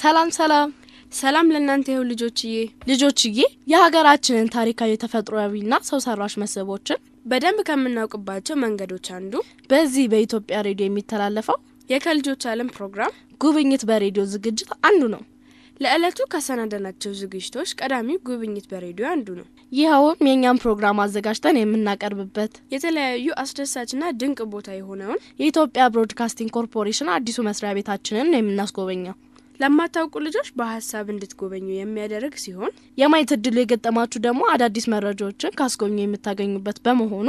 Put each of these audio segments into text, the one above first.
ሰላም ሰላም ሰላም ለእናንተ ይሁን ልጆችዬ። ልጆችዬ የሀገራችንን ታሪካዊ ና ሰው ሰራሽ መስህቦችን በደንብ ከምናውቅባቸው መንገዶች አንዱ በዚህ በኢትዮጵያ ሬዲዮ የሚተላለፈው የከልጆች ዓለም ፕሮግራም ጉብኝት በሬዲዮ ዝግጅት አንዱ ነው። ለዕለቱ ከሰናደናቸው ዝግጅቶች ቀዳሚው ጉብኝት በሬዲዮ አንዱ ነው። ይኸውም የእኛም ፕሮግራም አዘጋጅተን የምናቀርብበት የተለያዩ አስደሳችና ድንቅ ቦታ የሆነውን የኢትዮጵያ ብሮድካስቲንግ ኮርፖሬሽን አዲሱ መስሪያ ቤታችንን ነው የምናስጎበኘው። ለማታውቁ ልጆች በሀሳብ እንድትጎበኙ የሚያደርግ ሲሆን የማየት እድሉ የገጠማችሁ ደግሞ አዳዲስ መረጃዎችን ካስጎብኙ የምታገኙበት በመሆኑ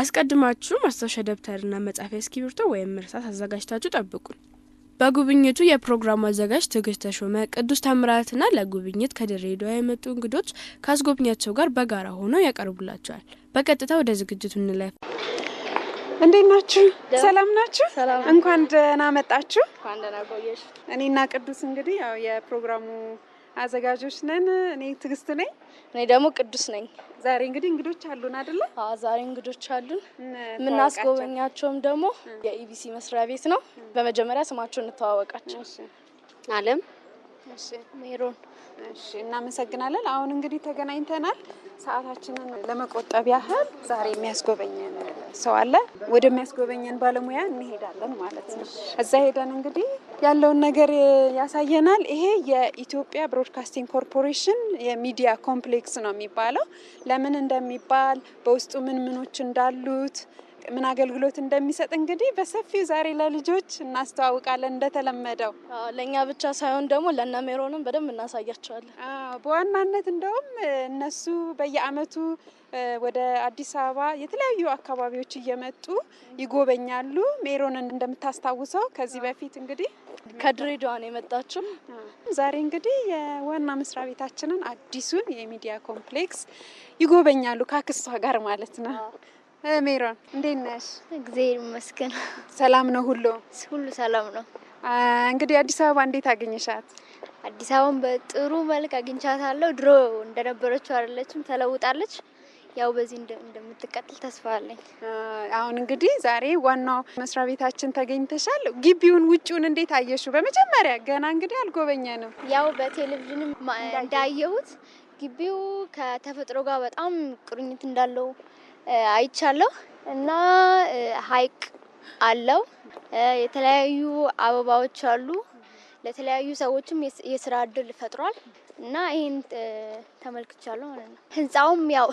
አስቀድማችሁ ማስታወሻ ደብተርና መጻፊያ እስክሪብቶ ወይም እርሳስ አዘጋጅታችሁ ጠብቁን። በጉብኝቱ የፕሮግራሙ አዘጋጅ ትዕግስት ተሾመ፣ ቅዱስ ታምራትና ለጉብኝት ከድሬዳዋ የመጡ እንግዶች ከአስጎብኛቸው ጋር በጋራ ሆነው ያቀርቡላቸዋል። በቀጥታ ወደ ዝግጅቱ እንለፍ። እንዴት ናችሁ? ሰላም ናችሁ? እንኳን ደህና መጣችሁ። እኔና ቅዱስ እንግዲህ ያው የፕሮግራሙ አዘጋጆች ነን። እኔ ትግስት ነኝ። እኔ ደግሞ ቅዱስ ነኝ። ዛሬ እንግዲህ እንግዶች አሉን አይደለ? አዎ፣ ዛሬ እንግዶች አሉን። የምናስጎበኛቸውም ደግሞ የኢቢሲ መስሪያ ቤት ነው። በመጀመሪያ ስማቸውን እንተዋወቃቸው። አለም፣ ሜሮን እሺ እናመሰግናለን። አሁን እንግዲህ ተገናኝተናል። ሰዓታችንን ለመቆጠብ ያህል ዛሬ የሚያስጎበኘን ሰው አለ። ወደሚያስጎበኘን ባለሙያ እንሄዳለን ማለት ነው። እዛ ሄደን እንግዲህ ያለውን ነገር ያሳየናል። ይሄ የኢትዮጵያ ብሮድካስቲንግ ኮርፖሬሽን የሚዲያ ኮምፕሌክስ ነው የሚባለው። ለምን እንደሚባል በውስጡ ምን ምኖች እንዳሉት ምን አገልግሎት እንደሚሰጥ እንግዲህ በሰፊው ዛሬ ለልጆች እናስተዋውቃለን። እንደተለመደው ለእኛ ብቻ ሳይሆን ደግሞ ለእነ ሜሮንም በደንብ እናሳያቸዋለን። በዋናነት እንደውም እነሱ በየአመቱ ወደ አዲስ አበባ የተለያዩ አካባቢዎች እየመጡ ይጎበኛሉ። ሜሮንን እንደምታስታውሰው ከዚህ በፊት እንግዲህ ከድሬዳዋ ነው የመጣችው። ዛሬ እንግዲህ የዋና መስሪያ ቤታችንን አዲሱን የሚዲያ ኮምፕሌክስ ይጎበኛሉ፣ ካክስቷ ጋር ማለት ነው። ሜሮን እንዴት ነሽ? እግዚአብሔር ይመስገን። ሰላም ነው? ሁሉ ሁሉ ሰላም ነው። እንግዲህ አዲስ አበባ እንዴት አገኘሻት? አዲስ አበባን በጥሩ መልክ አግኝቻታለሁ። ድሮ እንደነበረችው አይደለችም፣ ተለውጣለች። ያው በዚህ እንደምትቀጥል ተስፋ አለኝ። አሁን እንግዲህ ዛሬ ዋናው መስሪያ ቤታችን ተገኝተሻል። ግቢውን ውጭውን እንዴት አየሹ? በመጀመሪያ ገና እንግዲህ አልጎበኘንም። ያው በቴሌቪዥንም እንዳየሁት ግቢው ከተፈጥሮ ጋር በጣም ቁርኝት እንዳለው አይቻለሁ እና ሀይቅ አለው። የተለያዩ አበባዎች አሉ። ለተለያዩ ሰዎችም የስራ እድል ፈጥሯል እና ይህን ተመልክቻለሁ ማለት ነው። ህንፃውም ያው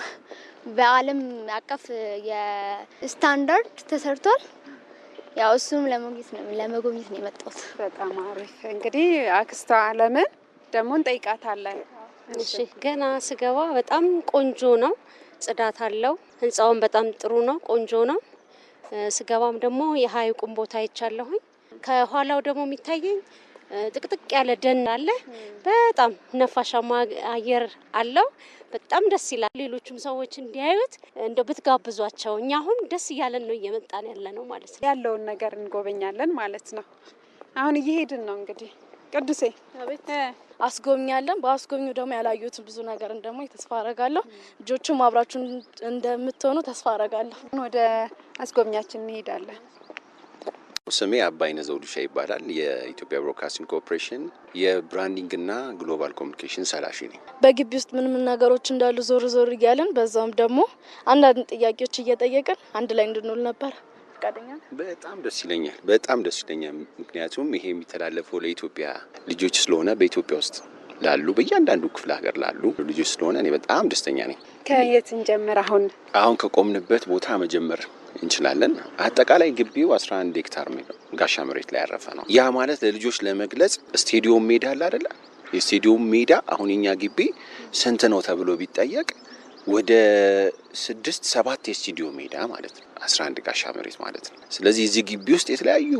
በዓለም አቀፍ የስታንዳርድ ተሰርቷል። ያው እሱም ለመጎብኘት ነው የመጣሁት። በጣም አሪፍ። እንግዲህ አክስቷ አለምን ደግሞ እንጠይቃታለን። ገና ስገባ በጣም ቆንጆ ነው ጽዳት አለው። ህንፃውን በጣም ጥሩ ነው፣ ቆንጆ ነው። ስገባም ደግሞ የሀይቁን ቦታ አይቻለሁኝ። ከኋላው ደግሞ የሚታየኝ ጥቅጥቅ ያለ ደን አለ። በጣም ነፋሻማ አየር አለው። በጣም ደስ ይላል። ሌሎችም ሰዎች እንዲያዩት እንደ ብትጋብዟቸው። እኛ አሁን ደስ እያለን ነው እየመጣን ያለ ነው ማለት ነው። ያለውን ነገር እንጎበኛለን ማለት ነው። አሁን እየሄድን ነው እንግዲህ ቅዱሴ አስጎብኛለን። በአስጎብኙ ደግሞ ያላዩትን ብዙ ነገር ደግሞ ተስፋ አረጋለሁ። ልጆቹ አብራችሁን እንደምትሆኑ ተስፋ አረጋለሁ። ወደ አስጎብኛችን እንሄዳለን። ስሜ አባይነ ዘውዱሻ ይባላል። የኢትዮጵያ ብሮድካስቲንግ ኮርፖሬሽን የብራንዲንግ እና ግሎባል ኮሚኒኬሽን ሰላሽ ነኝ። በግቢ ውስጥ ምን ምን ነገሮች እንዳሉ ዞር ዞር እያለን በዛውም ደግሞ አንዳንድ ጥያቄዎች እየጠየቅን አንድ ላይ እንድንውል ነበር። ፈቃደኛ በጣም ደስ ይለኛል። በጣም ደስ ይለኛል። ምክንያቱም ይሄ የሚተላለፈው ለኢትዮጵያ ልጆች ስለሆነ በኢትዮጵያ ውስጥ ላሉ በእያንዳንዱ ክፍለ ሀገር ላሉ ልጆች ስለሆነ እኔ በጣም ደስተኛ ነኝ። ከየት እንጀምር? አሁን አሁን ከቆምንበት ቦታ መጀመር እንችላለን። አጠቃላይ ግቢው 11 ሄክታር ጋሻ መሬት ላይ ያረፈ ነው። ያ ማለት ለልጆች ለመግለጽ ስቴዲዮም ሜዳ አለ አይደለ? የስቴዲዮም ሜዳ አሁን የኛ ግቢ ስንት ነው ተብሎ ቢጠየቅ ወደ ስድስት ሰባት የስቱዲዮ ሜዳ ማለት ነው። አንድ ጋሻ መሬት ማለት ነው። ስለዚህ እዚህ ግቢ ውስጥ የተለያዩ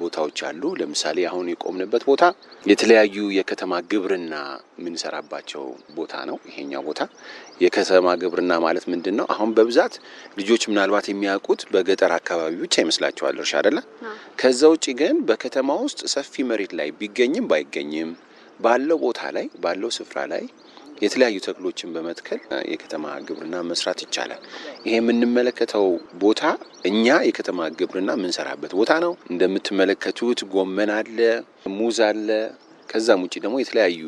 ቦታዎች አሉ። ለምሳሌ አሁን የቆምንበት ቦታ የተለያዩ የከተማ ግብርና የምንሰራባቸው ቦታ ነው። ይሄኛው ቦታ የከተማ ግብርና ማለት ምንድን ነው? አሁን በብዛት ልጆች ምናልባት የሚያውቁት በገጠር አካባቢ ብቻ ይመስላቸዋል እርሻ አይደለ? ከዛ ውጭ ግን በከተማ ውስጥ ሰፊ መሬት ላይ ቢገኝም ባይገኝም ባለው ቦታ ላይ ባለው ስፍራ ላይ የተለያዩ ተክሎችን በመትከል የከተማ ግብርና መስራት ይቻላል። ይሄ የምንመለከተው ቦታ እኛ የከተማ ግብርና የምንሰራበት ቦታ ነው። እንደምትመለከቱት ጎመን አለ፣ ሙዝ አለ። ከዛም ውጭ ደግሞ የተለያዩ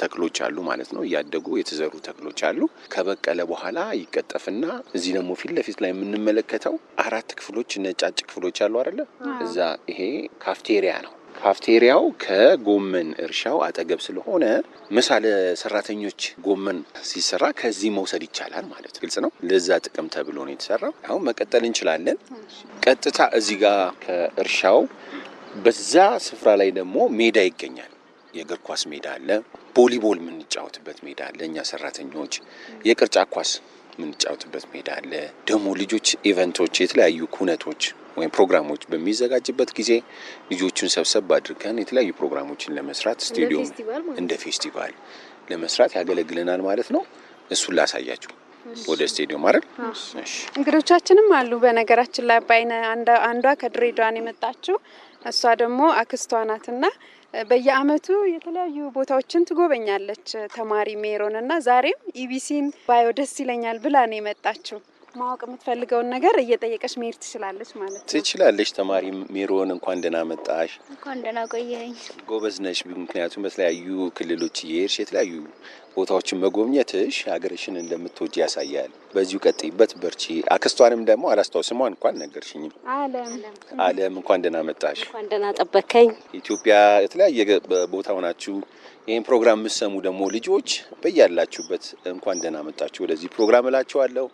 ተክሎች አሉ ማለት ነው። እያደጉ የተዘሩ ተክሎች አሉ። ከበቀለ በኋላ ይቀጠፍና እዚህ ደግሞ ፊት ለፊት ላይ የምንመለከተው አራት ክፍሎች ነጫጭ ክፍሎች አሉ አይደለ? እዛ ይሄ ካፍቴሪያ ነው። ካፍቴሪያው ከጎመን እርሻው አጠገብ ስለሆነ ምሳ ለሰራተኞች ጎመን ሲሰራ ከዚህ መውሰድ ይቻላል ማለት ግልጽ ነው። ለዛ ጥቅም ተብሎ ነው የተሰራው። አሁን መቀጠል እንችላለን። ቀጥታ እዚህ ጋር ከእርሻው በዛ ስፍራ ላይ ደግሞ ሜዳ ይገኛል። የእግር ኳስ ሜዳ አለ። ቮሊቦል የምንጫወትበት ሜዳ አለ። እኛ ሰራተኞች የቅርጫ ኳስ የምንጫወትበት ሜዳ አለ። ደግሞ ልጆች ኢቨንቶች፣ የተለያዩ ኩነቶች ወይም ፕሮግራሞች በሚዘጋጅበት ጊዜ ልጆቹን ሰብሰብ አድርገን የተለያዩ ፕሮግራሞችን ለመስራት ስቴዲየም እንደ ፌስቲቫል ለመስራት ያገለግለናል ማለት ነው። እሱን ላሳያችሁ ወደ ስቴዲየም አይደል። እንግዶቻችንም አሉ። በነገራችን ላይ አባይነ አንዷ ከድሬዳዋን የመጣችው እሷ ደግሞ አክስቷ ናትና በየአመቱ የተለያዩ ቦታዎችን ትጎበኛለች ተማሪ ሜሮን እና ዛሬም ኢቢሲን ባዮ ደስ ይለኛል ብላ ነው የመጣችው። ማወቅ የምትፈልገውን ነገር እየጠየቀች መሄድ ትችላለች ማለት ነው። ትችላለች። ተማሪ ሜሮን እንኳን ደህና መጣሽ፣ እንኳን ደህና ቆየኝ። ጎበዝ ነሽ፣ ምክንያቱም በተለያዩ ክልሎች እየሄድሽ የተለያዩ ቦታዎችን መጎብኘትሽ ሀገርሽን እንደምትወጅ ያሳያል። በዚሁ ቀጥይበት፣ በርቺ። አክስቷንም ደግሞ አላስታው ስሟን እንኳን ነገርሽኝም። አለም፣ እንኳን ደህና መጣሽ። እንኳን ደህና ጠበከኝ። ኢትዮጵያ የተለያየ ቦታ ሆናችሁ ይህን ፕሮግራም የምሰሙ ደግሞ ልጆች በያላችሁበት እንኳን ደህና መጣችሁ ወደዚህ ፕሮግራም እላችኋለሁ።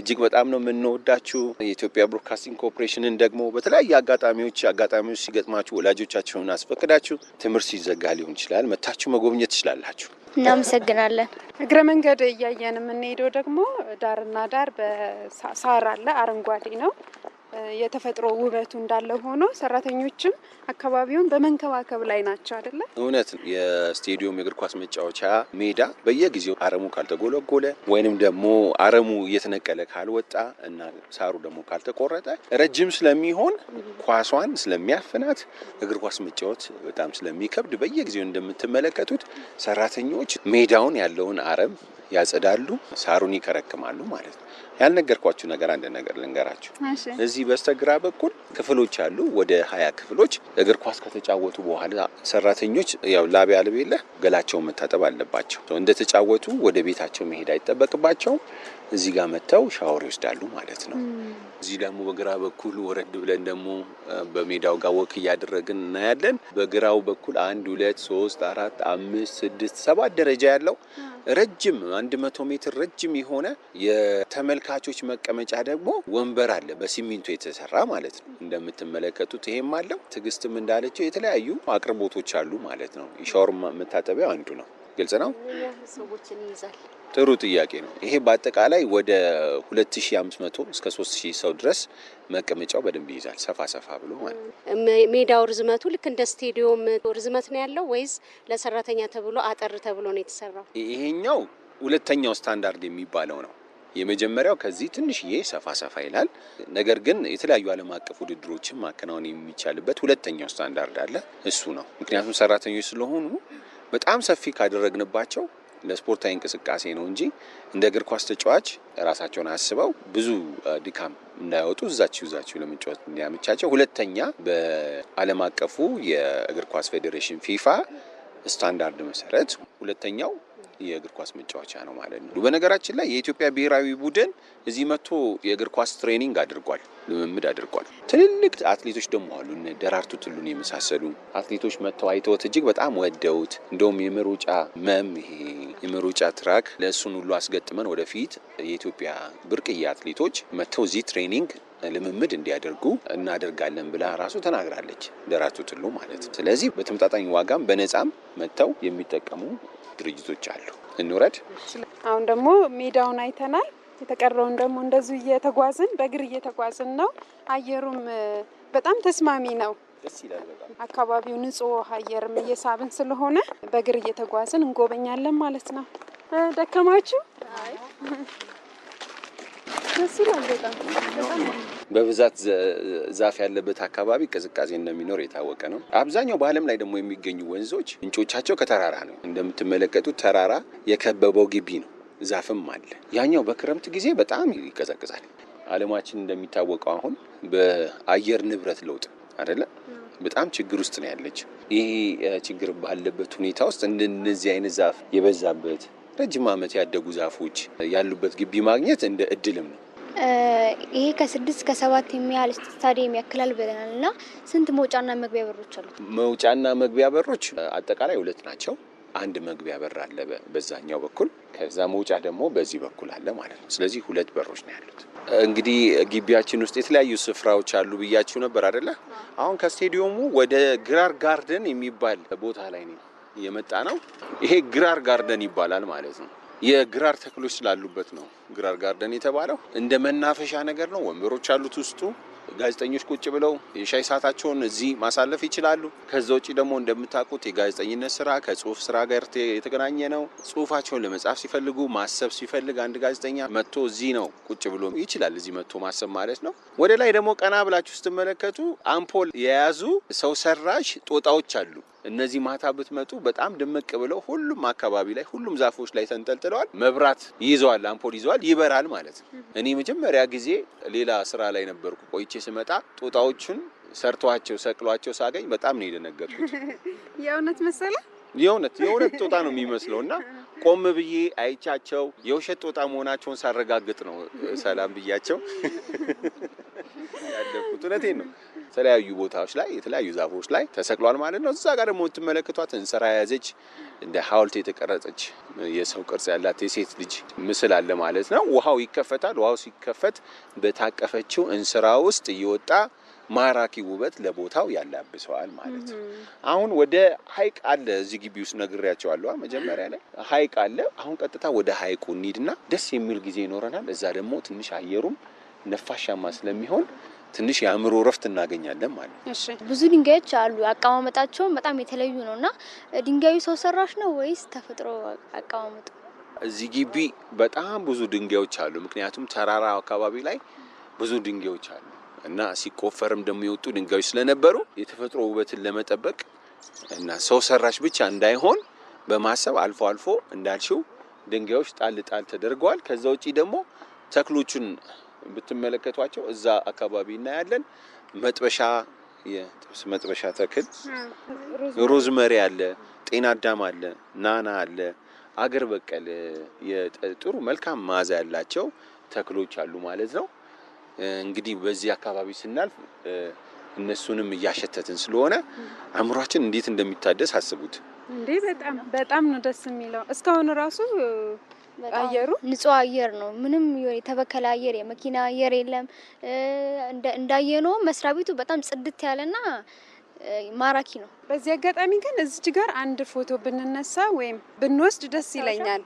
እጅግ በጣም ነው የምንወዳችሁ። የኢትዮጵያ ብሮድካስቲንግ ኮርፖሬሽንን ደግሞ በተለያዩ አጋጣሚዎች አጋጣሚዎች ሲገጥማችሁ ወላጆቻችሁን አስፈቅዳችሁ ትምህርት ሲዘጋ ሊሆን ይችላል መታችሁ መጎብኘት ትችላላችሁ። እናመሰግናለን። እግረ መንገድ እያየን የምንሄደው ደግሞ ዳርና ዳር በሳር አለ፣ አረንጓዴ ነው። የተፈጥሮ ውበቱ እንዳለ ሆኖ ሰራተኞችም አካባቢውን በመንከባከብ ላይ ናቸው አይደለ? እውነት ነው። የስቴዲየም የእግር ኳስ መጫወቻ ሜዳ በየጊዜው አረሙ ካልተጎለጎለ ወይንም ደግሞ አረሙ እየተነቀለ ካልወጣ እና ሳሩ ደግሞ ካልተቆረጠ ረጅም ስለሚሆን ኳሷን ስለሚያፍናት እግር ኳስ መጫወት በጣም ስለሚከብድ በየጊዜው እንደምትመለከቱት ሰራተኞች ሜዳውን ያለውን አረም ያጸዳሉ፣ ሳሩን ይከረክማሉ ማለት ነው። ያልነገርኳችሁ ነገር አንድ ነገር ልንገራችሁ። እዚህ በስተግራ በኩል ክፍሎች አሉ፣ ወደ ሀያ ክፍሎች እግር ኳስ ከተጫወቱ በኋላ ሰራተኞች ያው ላብ ያልቤለ ገላቸውን መታጠብ አለባቸው። እንደተጫወቱ ወደ ቤታቸው መሄድ አይጠበቅባቸውም። እዚህ ጋር መጥተው ሻወር ይወስዳሉ ማለት ነው። እዚህ ደግሞ በግራ በኩል ወረድ ብለን ደግሞ በሜዳው ጋር ወክ እያደረግን እናያለን። በግራው በኩል አንድ ሁለት ሶስት አራት አምስት ስድስት ሰባት ደረጃ ያለው ረጅም አንድ መቶ ሜትር ረጅም የሆነ የተመልካቾች መቀመጫ ደግሞ ወንበር አለ በሲሚንቶ የተሰራ ማለት ነው። እንደምትመለከቱት ይሄም አለው። ትዕግስትም እንዳለችው የተለያዩ አቅርቦቶች አሉ ማለት ነው። ሻወር መታጠቢያው አንዱ ነው። ግልጽ ነው። ጥሩ ጥያቄ ነው። ይሄ በአጠቃላይ ወደ 2500 እስከ 3000 ሰው ድረስ መቀመጫው በደንብ ይይዛል። ሰፋ ሰፋ ብሎ ማለት ሜዳው ርዝመቱ ልክ እንደ ስቴዲዮም ርዝመት ነው ያለው ወይስ ለሰራተኛ ተብሎ አጠር ተብሎ ነው የተሰራው? ይሄኛው ሁለተኛው ስታንዳርድ የሚባለው ነው። የመጀመሪያው ከዚህ ትንሽዬ ሰፋ ሰፋ ይላል። ነገር ግን የተለያዩ ዓለም አቀፍ ውድድሮችን ማከናወን የሚቻልበት ሁለተኛው ስታንዳርድ አለ። እሱ ነው። ምክንያቱም ሰራተኞች ስለሆኑ በጣም ሰፊ ካደረግንባቸው ለስፖርታዊ እንቅስቃሴ ነው እንጂ እንደ እግር ኳስ ተጫዋች ራሳቸውን አስበው ብዙ ድካም እንዳይወጡ እዛችሁ እዛችሁ ለመጫወት እንዲያመቻቸው፣ ሁለተኛ በዓለም አቀፉ የእግር ኳስ ፌዴሬሽን ፊፋ ስታንዳርድ መሰረት ሁለተኛው የእግር ኳስ መጫወቻ ነው ማለት ነው። በነገራችን ላይ የኢትዮጵያ ብሔራዊ ቡድን እዚህ መጥቶ የእግር ኳስ ትሬኒንግ አድርጓል፣ ልምምድ አድርጓል። ትልልቅ አትሌቶች ደግሞ አሉ፣ እነ ደራርቱ ቱሉን የመሳሰሉ አትሌቶች መጥተው አይተውት እጅግ በጣም ወደውት፣ እንደውም የመሮጫ መም ይሄ የመሮጫ ትራክ ለእሱን ሁሉ አስገጥመን ወደፊት የኢትዮጵያ ብርቅዬ አትሌቶች መጥተው እዚህ ትሬኒንግ ልምምድ እንዲያደርጉ እናደርጋለን ብላ ራሱ ተናግራለች። ደራቱ ትሉ ማለት ነው። ስለዚህ በተመጣጣኝ ዋጋም በነፃም መጥተው የሚጠቀሙ ድርጅቶች አሉ። እንውረድ። አሁን ደግሞ ሜዳውን አይተናል። የተቀረውን ደግሞ እንደዚሁ እየተጓዝን በእግር እየተጓዝን ነው። አየሩም በጣም ተስማሚ ነው። አካባቢው ንጹህ አየርም እየሳብን ስለሆነ በእግር እየተጓዝን እንጎበኛለን ማለት ነው። ደከማችሁ? በብዛት ዛፍ ያለበት አካባቢ ቅዝቃዜ እንደሚኖር የታወቀ ነው። አብዛኛው በዓለም ላይ ደግሞ የሚገኙ ወንዞች ምንጮቻቸው ከተራራ ነው። እንደምትመለከቱት ተራራ የከበበው ግቢ ነው። ዛፍም አለ። ያኛው በክረምት ጊዜ በጣም ይቀዘቅዛል። ዓለማችን እንደሚታወቀው አሁን በአየር ንብረት ለውጥ አይደለም በጣም ችግር ውስጥ ነው ያለች። ይህ ችግር ባለበት ሁኔታ ውስጥ እንደነዚህ አይነት ዛፍ የበዛበት ረጅም ዓመት ያደጉ ዛፎች ያሉበት ግቢ ማግኘት እንደ እድልም ነው። ይሄ ከስድስት ከሰባት የሚያህል ስታዲየም ያክላል ብለናል እና ስንት መውጫና መግቢያ በሮች አሉ? መውጫና መግቢያ በሮች አጠቃላይ ሁለት ናቸው። አንድ መግቢያ በር አለ በዛኛው በኩል፣ ከዛ መውጫ ደግሞ በዚህ በኩል አለ ማለት ነው። ስለዚህ ሁለት በሮች ነው ያሉት። እንግዲህ ግቢያችን ውስጥ የተለያዩ ስፍራዎች አሉ ብያችሁ ነበር አደለ አሁን ከስቴዲየሙ ወደ ግራር ጋርደን የሚባል ቦታ ላይ ነው የመጣ ነው። ይሄ ግራር ጋርደን ይባላል ማለት ነው። የግራር ተክሎች ስላሉበት ነው። ግራር ጋርደን የተባለው እንደ መናፈሻ ነገር ነው። ወንበሮች አሉት ውስጡ። ጋዜጠኞች ቁጭ ብለው የሻይ ሰዓታቸውን እዚህ ማሳለፍ ይችላሉ። ከዛ ውጭ ደግሞ እንደምታውቁት የጋዜጠኝነት ስራ ከጽሁፍ ስራ ጋር የተገናኘ ነው። ጽሁፋቸውን ለመጻፍ ሲፈልጉ፣ ማሰብ ሲፈልግ አንድ ጋዜጠኛ መጥቶ እዚህ ነው ቁጭ ብሎ ይችላል። እዚህ መጥቶ ማሰብ ማለት ነው። ወደ ላይ ደግሞ ቀና ብላችሁ ስትመለከቱ አምፖል የያዙ ሰው ሰራሽ ጦጣዎች አሉ። እነዚህ ማታ ብትመጡ በጣም ድምቅ ብለው ሁሉም አካባቢ ላይ ሁሉም ዛፎች ላይ ተንጠልጥለዋል። መብራት ይዘዋል፣ አምፖል ይዘዋል፣ ይበራል ማለት ነው። እኔ መጀመሪያ ጊዜ ሌላ ስራ ላይ ነበርኩ። ቆይቼ ስመጣ ጦጣዎቹን ሰርቷቸው ሰቅሏቸው ሳገኝ በጣም ነው የደነገርኩት። የእውነት መሰለ የእውነት የእውነት ጦጣ ነው የሚመስለው እና ቆም ብዬ አይቻቸው የውሸት ጦጣ መሆናቸውን ሳረጋግጥ ነው ሰላም ብያቸው ያለፉት። እውነቴን ነው። የተለያዩ ቦታዎች ላይ የተለያዩ ዛፎች ላይ ተሰቅሏል ማለት ነው። እዛ ጋር ደግሞ የምትመለከቷት እንስራ የያዘች እንደ ሐውልት የተቀረጸች የሰው ቅርጽ ያላት የሴት ልጅ ምስል አለ ማለት ነው። ውሃው ይከፈታል። ውሃው ሲከፈት በታቀፈችው እንስራ ውስጥ እየወጣ ማራኪ ውበት ለቦታው ያላብሰዋል ማለት ነው። አሁን ወደ ሀይቅ አለ እዚህ ግቢ ውስጥ ነግሬያቸዋለሁ። መጀመሪያ ላይ ሀይቅ አለ። አሁን ቀጥታ ወደ ሀይቁ እንሂድና ደስ የሚል ጊዜ ይኖረናል። እዛ ደግሞ ትንሽ አየሩም ነፋሻማ ስለሚሆን ትንሽ የአእምሮ እረፍት እናገኛለን ማለት ነው። ብዙ ድንጋዮች አሉ። አቀማመጣቸውም በጣም የተለዩ ነው እና ድንጋዩ ሰው ሰራሽ ነው ወይስ ተፈጥሮ አቀማመጡ? እዚህ ግቢ በጣም ብዙ ድንጋዮች አሉ። ምክንያቱም ተራራ አካባቢ ላይ ብዙ ድንጋዮች አሉ እና ሲቆፈርም ደግሞ የወጡ ድንጋዮች ስለነበሩ የተፈጥሮ ውበትን ለመጠበቅ እና ሰው ሰራሽ ብቻ እንዳይሆን በማሰብ አልፎ አልፎ እንዳልሽው ድንጋዮች ጣል ጣል ተደርገዋል። ከዛ ውጪ ደግሞ ተክሎቹን ብትመለከቷቸው እዛ አካባቢ እናያለን። መጥበሻ የጥብስ መጥበሻ ተክል ሮዝመሪ አለ፣ ጤና አዳም አለ፣ ናና አለ፣ አገር በቀል የጥሩ መልካም መዓዛ ያላቸው ተክሎች አሉ ማለት ነው። እንግዲህ በዚህ አካባቢ ስናልፍ እነሱንም እያሸተትን ስለሆነ አእምሯችን እንዴት እንደሚታደስ አስቡት። እንዴ በጣም በጣም ነው ደስ የሚለው። እስካሁን ራሱ አየሩ ንጹህ አየር ነው። ምንም የተበከለ አየር የመኪና አየር የለም። እንዳየነው መስሪያ ቤቱ በጣም ጽድት ያለና ማራኪ ነው። በዚህ አጋጣሚ ግን እዚች ጋር አንድ ፎቶ ብንነሳ ወይም ብንወስድ ደስ ይለኛል፣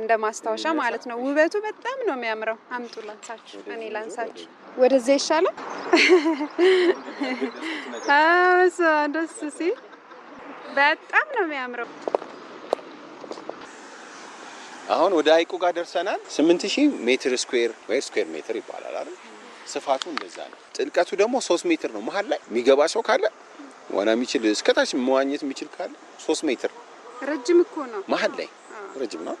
እንደ ማስታወሻ ማለት ነው። ውበቱ በጣም ነው የሚያምረው። አምጡ ላንሳችሁ፣ እኔ ላንሳችሁ። ወደዚያ ይሻላል። ደስ ሲል በጣም ነው የሚያምረው። አሁን ወደ ሀይቁ ጋር ደርሰናል። 8000 ሜትር ስኩዌር ወይ ስኩዌር ሜትር ይባላል አይደል? ስፋቱ እንደዛ ነው። ጥልቀቱ ደግሞ 3 ሜትር ነው። መሀል ላይ የሚገባ ሰው ካለ ዋና የሚችል እስከታች መዋኘት የሚችል ካለ 3 ሜትር ረጅም እኮ ነው። መሀል ላይ ረጅም ነው።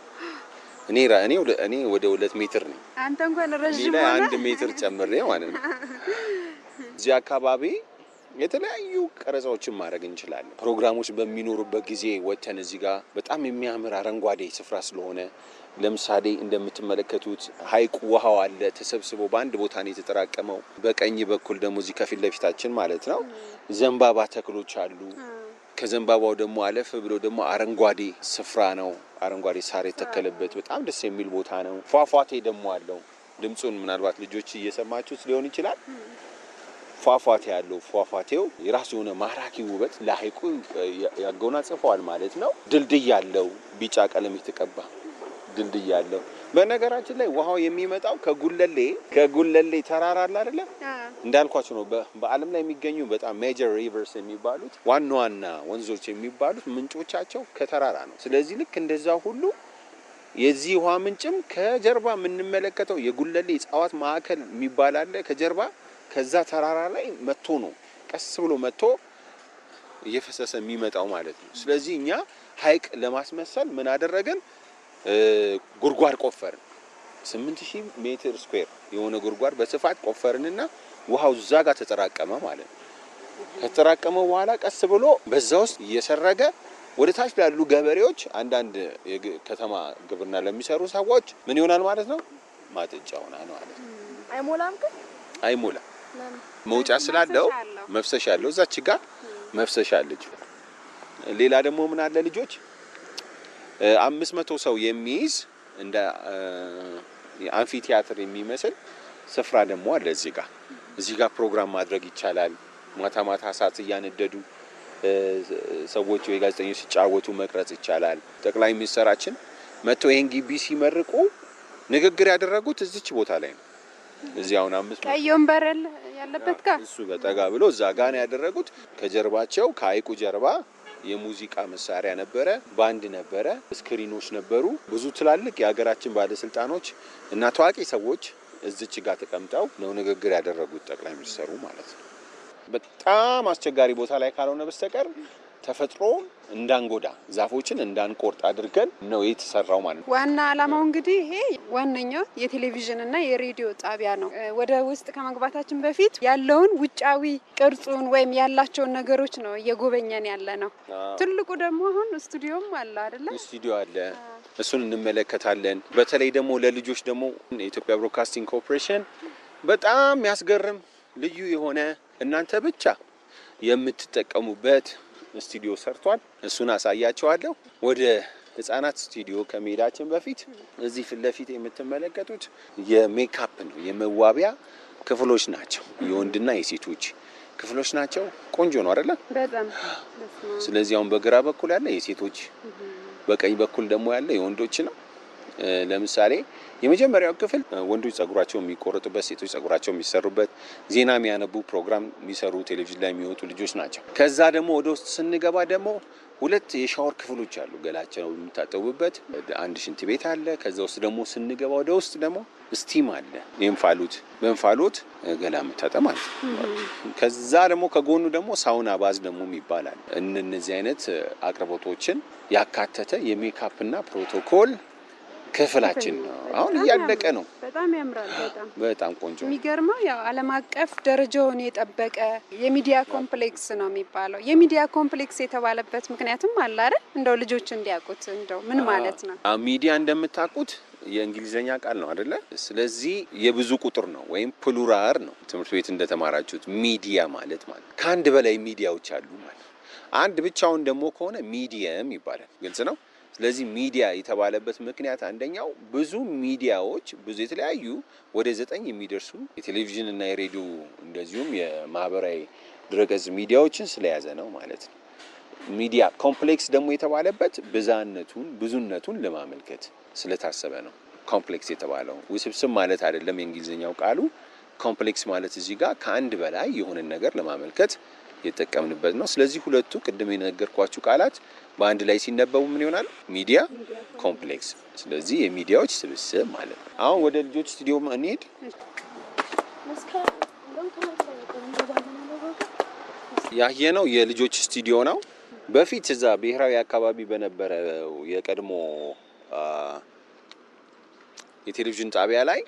እኔ እኔ እኔ ወደ 2 ሜትር ነኝ። አንተ እንኳን ረጅም አንድ ሜትር ጨምሬ ማለት ነው እዚህ አካባቢ የተለያዩ ቀረጻዎችን ማድረግ እንችላለን። ፕሮግራሞች በሚኖሩበት ጊዜ ወጥተን እዚህ ጋር በጣም የሚያምር አረንጓዴ ስፍራ ስለሆነ ለምሳሌ እንደምትመለከቱት ሐይቁ ውሃው አለ ተሰብስቦ በአንድ ቦታ ነው የተጠራቀመው። በቀኝ በኩል ደግሞ እዚህ ከፊት ለፊታችን ማለት ነው ዘንባባ ተክሎች አሉ። ከዘንባባው ደግሞ አለፍ ብሎ ደግሞ አረንጓዴ ስፍራ ነው። አረንጓዴ ሳር የተከለበት በጣም ደስ የሚል ቦታ ነው። ፏፏቴ ደግሞ አለው። ድምፁን ምናልባት ልጆች እየሰማችሁት ሊሆን ይችላል። ፏፏቴ ያለው ፏፏቴው የራሱ የሆነ ማራኪ ውበት ለሀይቁ ያጎናጽፈዋል ማለት ነው። ድልድይ ያለው ቢጫ ቀለም የተቀባ ድልድይ ያለው በነገራችን ላይ ውሃው የሚመጣው ከጉለሌ ከጉለሌ ተራራ አለ አይደለ? እንዳልኳቸው ነው። በዓለም ላይ የሚገኙ በጣም ሜጀር ሪቨርስ የሚባሉት ዋና ዋና ወንዞች የሚባሉት ምንጮቻቸው ከተራራ ነው። ስለዚህ ልክ እንደዛ ሁሉ የዚህ ውሃ ምንጭም ከጀርባ የምንመለከተው የጉለሌ እጽዋት ማዕከል የሚባል አለ ከጀርባ ከዛ ተራራ ላይ መጥቶ ነው ቀስ ብሎ መጥቶ እየፈሰሰ የሚመጣው ማለት ነው። ስለዚህ እኛ ሐይቅ ለማስመሰል ምን አደረግን? ጉድጓድ ቆፈርን። ስምንት ሺህ ሜትር ስኩዌር የሆነ ጉድጓድ በስፋት ቆፈርንና ውሃው እዛ ጋር ተጠራቀመ ማለት ነው። ከተጠራቀመ በኋላ ቀስ ብሎ በዛ ውስጥ እየሰረገ ወደ ታች ላሉ ገበሬዎች፣ አንዳንድ ከተማ ግብርና ለሚሰሩ ሰዎች ምን ይሆናል ማለት ነው? ማጥጫ ሆናል ማለት ነው። አይሞላም ግን አይሞላም መውጫ ስላለው መፍሰሻ አለው። እዛች ጋር መፍሰሻ አለች። ሌላ ደግሞ ምን አለ ልጆች አምስት መቶ ሰው የሚይዝ እንደ አንፊ ቲያትር የሚመስል ስፍራ ደግሞ አለ። እዚህ ጋር እዚህ ጋር ፕሮግራም ማድረግ ይቻላል። ማታ ማታ እሳት እያነደዱ ሰዎች ወይ ጋዜጠኞች ሲጫወቱ መቅረጽ ይቻላል። ጠቅላይ ሚኒስትራችን መጥተው ይህን ግቢ ሲመርቁ ንግግር ያደረጉት እዚች ቦታ ላይ ነው። እዚህ አሁን አምስት ቀይ ወንበር ያለበት ጋር እሱ ጋር ብሎ እዛ ጋር ነው ያደረጉት። ከጀርባቸው ከሀይቁ ጀርባ የሙዚቃ መሳሪያ ነበረ፣ ባንድ ነበረ፣ ስክሪኖች ነበሩ። ብዙ ትላልቅ የሀገራችን ባለስልጣኖች እና ታዋቂ ሰዎች እዚች ጋር ተቀምጠው ነው ንግግር ያደረጉት ጠቅላይ ሚኒስትሩ ማለት ነው። በጣም አስቸጋሪ ቦታ ላይ ካልሆነ በስተቀር ተፈጥሮ እንዳንጎዳ ዛፎችን እንዳንቆርጥ አድርገን ነው የተሰራው ማለት ነው። ዋና ዓላማው እንግዲህ ይሄ ዋነኛው የቴሌቪዥን እና የሬዲዮ ጣቢያ ነው። ወደ ውስጥ ከመግባታችን በፊት ያለውን ውጫዊ ቅርጹን ወይም ያላቸውን ነገሮች ነው እየጎበኘን ያለ ነው። ትልቁ ደግሞ አሁን ስቱዲዮም አለ አደለ? ስቱዲዮ አለ። እሱን እንመለከታለን። በተለይ ደግሞ ለልጆች ደግሞ የኢትዮጵያ ብሮድካስቲንግ ኮርፖሬሽን በጣም ያስገርም ልዩ የሆነ እናንተ ብቻ የምትጠቀሙበት ስቱዲዮ ሰርቷል። እሱን አሳያቸዋለሁ። ወደ ህጻናት ስቱዲዮ ከመሄዳችን በፊት እዚህ ፊት ለፊት የምትመለከቱት የሜካፕ ነው፣ የመዋቢያ ክፍሎች ናቸው። የወንድና የሴቶች ክፍሎች ናቸው። ቆንጆ ነው አይደለ? በጣም ስለዚህ አሁን በግራ በኩል ያለ የሴቶች በቀኝ በኩል ደግሞ ያለ የወንዶች ነው። ለምሳሌ የመጀመሪያው ክፍል ወንዶች ጸጉራቸው የሚቆረጡበት፣ ሴቶች ጸጉራቸው የሚሰሩበት፣ ዜና የሚያነቡ ፕሮግራም የሚሰሩ ቴሌቪዥን ላይ የሚወጡ ልጆች ናቸው። ከዛ ደግሞ ወደ ውስጥ ስንገባ ደግሞ ሁለት የሻወር ክፍሎች አሉ። ገላቸው የሚታጠቡበት አንድ ሽንት ቤት አለ። ከዛ ውስጥ ደግሞ ስንገባ ወደ ውስጥ ደግሞ ስቲም አለ። የእንፋሎት በእንፋሎት ገላ መታጠብ ማለት ነው። ከዛ ደግሞ ከጎኑ ደግሞ ሳውና ባዝ ደግሞ ይባላል። እነዚህ አይነት አቅርቦቶችን ያካተተ የሜካፕና ፕሮቶኮል ክፍላችን ነው። አሁን እያለቀ ነው። በጣም ያምራል። በጣም በጣም ቆንጆ። የሚገርመው ያው ዓለም አቀፍ ደረጃውን የጠበቀ የሚዲያ ኮምፕሌክስ ነው የሚባለው። የሚዲያ ኮምፕሌክስ የተባለበት ምክንያትም አለ አይደል? እንደው ልጆች እንዲያውቁት እንደው ምን ማለት ነው ሚዲያ እንደምታውቁት የእንግሊዝኛ ቃል ነው አደለ? ስለዚህ የብዙ ቁጥር ነው ወይም ፕሉራር ነው። ትምህርት ቤት እንደተማራችሁት ሚዲያ ማለት ማለት ከአንድ በላይ ሚዲያዎች አሉ ማለት። አንድ ብቻውን ደግሞ ከሆነ ሚዲየም ይባላል። ግልጽ ነው። ስለዚህ ሚዲያ የተባለበት ምክንያት አንደኛው ብዙ ሚዲያዎች ብዙ የተለያዩ ወደ ዘጠኝ የሚደርሱ የቴሌቪዥን እና የሬዲዮ እንደዚሁም የማህበራዊ ድረገጽ ሚዲያዎችን ስለያዘ ነው ማለት ነው። ሚዲያ ኮምፕሌክስ ደግሞ የተባለበት ብዛነቱን ብዙነቱን ለማመልከት ስለታሰበ ነው። ኮምፕሌክስ የተባለው ውስብስብ ማለት አይደለም የእንግሊዝኛው ቃሉ ኮምፕሌክስ ማለት እዚህ ጋር ከአንድ በላይ የሆነን ነገር ለማመልከት የተጠቀምንበት ነው። ስለዚህ ሁለቱ ቅድም የነገርኳችሁ ቃላት በአንድ ላይ ሲነበቡ ምን ይሆናል? ሚዲያ ኮምፕሌክስ። ስለዚህ የሚዲያዎች ስብስብ ማለት ነው። አሁን ወደ ልጆች ስቱዲዮ እንሄድ። ያየነው የልጆች ስቱዲዮ ነው። በፊት እዛ ብሔራዊ አካባቢ በነበረው የቀድሞ የቴሌቪዥን ጣቢያ ላይ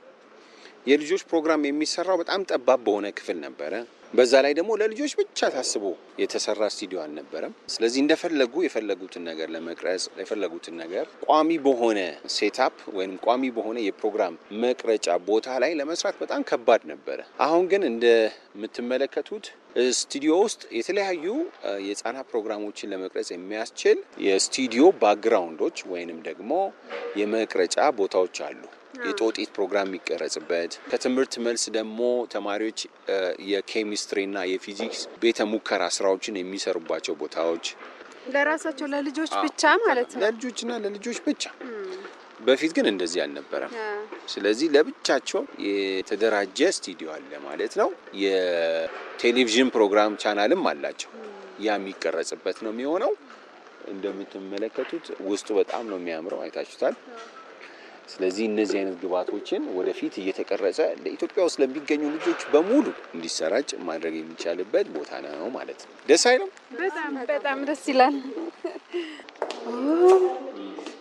የልጆች ፕሮግራም የሚሰራው በጣም ጠባብ በሆነ ክፍል ነበረ። በዛ ላይ ደግሞ ለልጆች ብቻ ታስቦ የተሰራ ስቱዲዮ አልነበረም። ስለዚህ እንደፈለጉ የፈለጉትን ነገር ለመቅረጽ የፈለጉትን ነገር ቋሚ በሆነ ሴታፕ ወይም ቋሚ በሆነ የፕሮግራም መቅረጫ ቦታ ላይ ለመስራት በጣም ከባድ ነበረ። አሁን ግን እንደምትመለከቱት ስቱዲዮ ውስጥ የተለያዩ የህጻናት ፕሮግራሞችን ለመቅረጽ የሚያስችል የስቱዲዮ ባክግራውንዶች ወይንም ደግሞ የመቅረጫ ቦታዎች አሉ። የጦጢት ፕሮግራም የሚቀረጽበት ከትምህርት መልስ ደግሞ ተማሪዎች የኬሚስትሪና የፊዚክስ ቤተ ሙከራ ስራዎችን የሚሰሩባቸው ቦታዎች ለራሳቸው ለልጆች ብቻ ማለት ነው። ለልጆችና ለልጆች ብቻ። በፊት ግን እንደዚህ አልነበረም። ስለዚህ ለብቻቸው የተደራጀ ስቱዲዮ አለ ማለት ነው። የቴሌቪዥን ፕሮግራም ቻናልም አላቸው። ያ የሚቀረጽበት ነው የሚሆነው። እንደምትመለከቱት ውስጡ በጣም ነው የሚያምረው። አይታችሁታል። ስለዚህ እነዚህ አይነት ግብዓቶችን ወደፊት እየተቀረጸ ለኢትዮጵያ ውስጥ ለሚገኙ ልጆች በሙሉ እንዲሰራጭ ማድረግ የሚቻልበት ቦታ ነው ማለት ነው። ደስ አይልም? በጣም በጣም ደስ ይላል።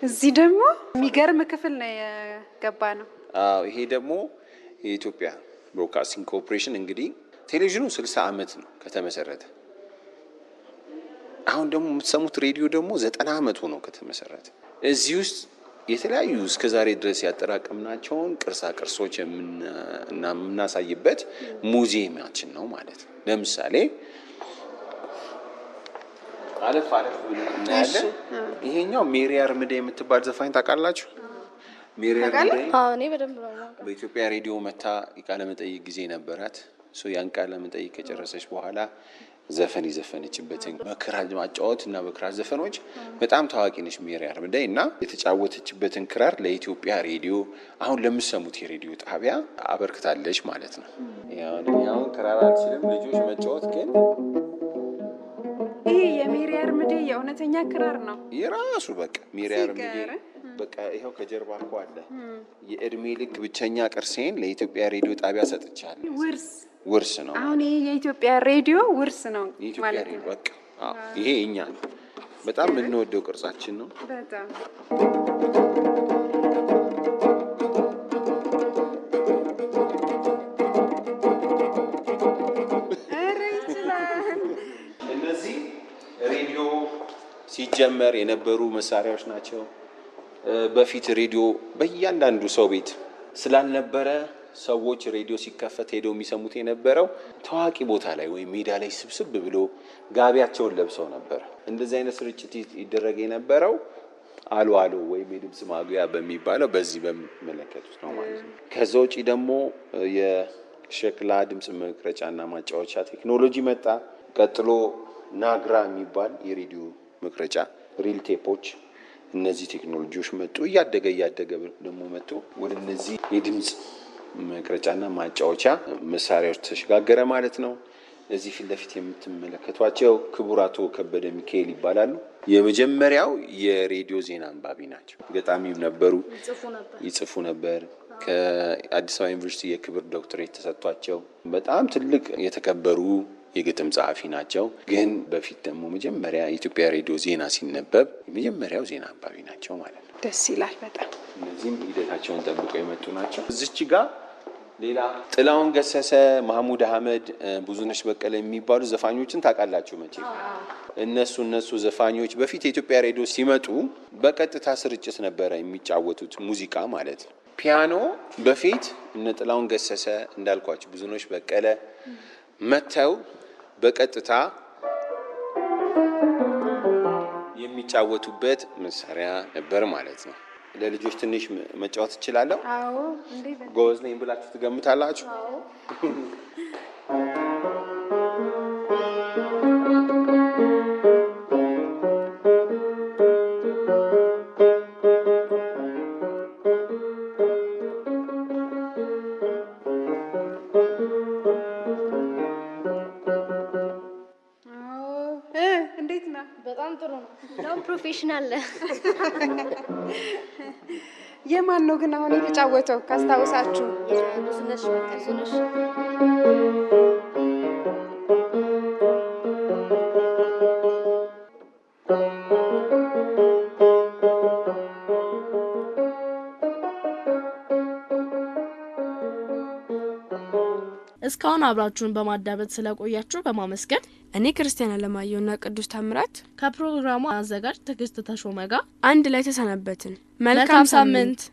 እዚህ ደግሞ የሚገርም ክፍል ነው የገባ ነው። አዎ ይሄ ደግሞ የኢትዮጵያ ብሮድካስቲንግ ኮርፖሬሽን እንግዲህ ቴሌቪዥኑ ስልሳ ዓመት ነው ከተመሰረተ። አሁን ደግሞ የምትሰሙት ሬዲዮ ደግሞ ዘጠና ዓመት ሆኖ ከተመሰረተ እዚህ ውስጥ የተለያዩ እስከዛሬ ድረስ ያጠራቀምናቸውን ቅርሳ ቅርሶች የምናሳይበት ሙዚየማችን ነው ማለት ነው። ለምሳሌ አለፍ አለፍ እናያለን። ይሄኛው ሜሪ አርምዴ የምትባል ዘፋኝ ታውቃላችሁ? በኢትዮጵያ ሬዲዮ መታ ቃለ መጠይቅ ጊዜ ነበራት። ያን ቃለ መጠይቅ ከጨረሰች በኋላ ዘፈን የዘፈነችበትን በክራር ማጫወት እና በክራር ዘፈኖች በጣም ታዋቂ ነች ሜሪ አርምዳይ እና የተጫወተችበትን ክራር ለኢትዮጵያ ሬዲዮ አሁን ለምሰሙት የሬዲዮ ጣቢያ አበርክታለች ማለት ነው። አሁን ክራር አልችልም ልጆች መጫወት ግን ይሄ የሜሪ አርምዴ የእውነተኛ ክራር ነው የራሱ በቃ ሜሪ አርምዴ በቃ ይኸው ከጀርባ እኮ አለ። የእድሜ ልክ ብቸኛ ቅርሴን ለኢትዮጵያ ሬዲዮ ጣቢያ ሰጥቻለሁ። ውርስ ውርስ ነው። አሁን ይሄ የኢትዮጵያ ሬዲዮ ውርስ ነው ማለት ነው። በቃ ይሄ እኛ ነው በጣም የምንወደው ቅርጻችን ነው። በጣም ሲጀመር የነበሩ መሳሪያዎች ናቸው። በፊት ሬዲዮ በእያንዳንዱ ሰው ቤት ስላልነበረ ሰዎች ሬዲዮ ሲከፈት ሄደው የሚሰሙት የነበረው ታዋቂ ቦታ ላይ ወይም ሜዳ ላይ ስብስብ ብሎ ጋቢያቸውን ለብሰው ነበር። እንደዚህ አይነት ስርጭት ይደረግ የነበረው አሉ አሉ ወይም የድምፅ ማጉያ በሚባለው በዚህ በሚመለከቱት ነው ማለት ነው። ከዛ ውጪ ደግሞ የሸክላ ድምፅ መቅረጫና ማጫወቻ ቴክኖሎጂ መጣ። ቀጥሎ ናግራ የሚባል የሬዲዮ መቅረጫ ሪል ቴፖች እነዚህ ቴክኖሎጂዎች መጡ። እያደገ እያደገ ደግሞ መጡ ወደ እነዚህ የድምፅ መቅረጫና ማጫወቻ መሳሪያዎች ተሸጋገረ ማለት ነው። እዚህ ፊት ለፊት የምትመለከቷቸው ክቡር አቶ ከበደ ሚካኤል ይባላሉ። የመጀመሪያው የሬዲዮ ዜና አንባቢ ናቸው። ገጣሚም ነበሩ፣ ይጽፉ ነበር። ከአዲስ አበባ ዩኒቨርሲቲ የክብር ዶክትሬት ተሰጥቷቸው በጣም ትልቅ የተከበሩ የግጥም ጸሐፊ ናቸው። ግን በፊት ደግሞ መጀመሪያ የኢትዮጵያ ሬዲዮ ዜና ሲነበብ የመጀመሪያው ዜና አንባቢ ናቸው ማለት ነው። ደስ ይላል በጣም እነዚህም ሂደታቸውን ጠብቀው የመጡ ናቸው። እዚች ጋር ሌላ ጥላውን ገሰሰ፣ ማህሙድ አህመድ፣ ብዙነሽ በቀለ የሚባሉ ዘፋኞችን ታውቃላችሁ መቼ? እነሱ እነሱ ዘፋኞች በፊት የኢትዮጵያ ሬዲዮ ሲመጡ በቀጥታ ስርጭት ነበረ የሚጫወቱት ሙዚቃ ማለት ነው። ፒያኖ በፊት እነ ጥላውን ገሰሰ እንዳልኳቸው ብዙኖች በቀለ መጥተው በቀጥታ የሚጫወቱበት መሳሪያ ነበር ማለት ነው። ለልጆች ትንሽ መጫወት እችላለሁ። ጎበዝ ነኝ ብላችሁ ትገምታላችሁ? እንዴት ነህ? በጣም ጥሩ ነው። እንደውም ፕሮፌሽናል ነህ። የማን ነው ግን አሁን የተጫወተው ካስታውሳችሁ? እስካሁን አብራችሁን በማዳመጥ ስለቆያችሁ በማመስገን እኔ ክርስቲያን አለማየሁና ቅዱስ ታምራት ከፕሮግራሙ አዘጋጅ ትዕግስት ተሾመ ጋር አንድ ላይ ተሰናበትን። መልካም ሳምንት።